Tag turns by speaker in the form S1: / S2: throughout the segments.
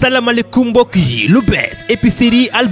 S1: asalaamaaleykum mbokk yi lu bees épicerie al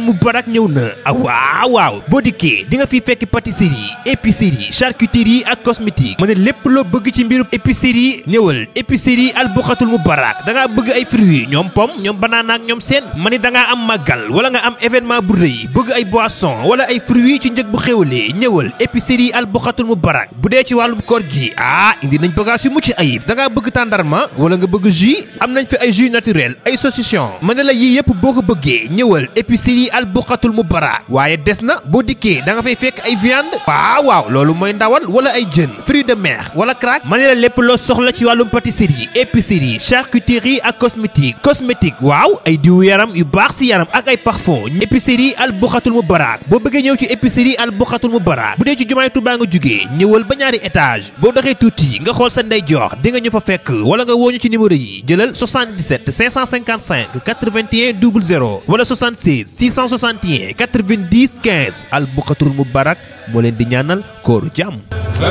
S1: mu barak ñëw na ah, waaw waaw boo dikkee di nga fi fekk pâtisserie épicerie charcuterie ak cosmétique mu ne lépp loo bëgg ci mbirum épicerie ñëwal épicerie al buqatul mubarak da ngaa bëgg ay fruits ñoom pom ñoom banaana ak ñoom seen ma ne da ngaa am màggal wala nga am événement bu rëy bëgg ay boissons wala ay fruits ci njëg bu xéwalee ñëwal épicerie al buqatul mubarak bu dee ci wàllum koor gi ah indi nañ bagage yu mucc ayib da ngaa bëgg tàndarma wala nga bëgg jus am nañ fi ay jus naturel ay saucisson mën na la yii yëpp boo ko bëggee ñëwal épicerie yi albuqatul mubara waaye des na boo dikkee da nga fay fekk ay viande waaw waaw loolu mooy ndawal wala ay jën fruits de mer wala crack mën na la lépp loo soxla ci wàllum pâtisserie épicerie charcuterie ak cosmétique cosmétique waaw ay diwu yaram yu baax si yaram ak ay parfum épicerie albuqatul mubara boo bëggee ñëw ci épicerie albuqatul mubara bu dee ci jumaay Tuubaa nga jugee ñëwal ba ñaari étage boo doxee tuuti nga xool sa ndeyjoor di nga yi 55 81 00 wala 76 661 90 15 al buqatul mubarak moo leen di ñaanal kooru jàmm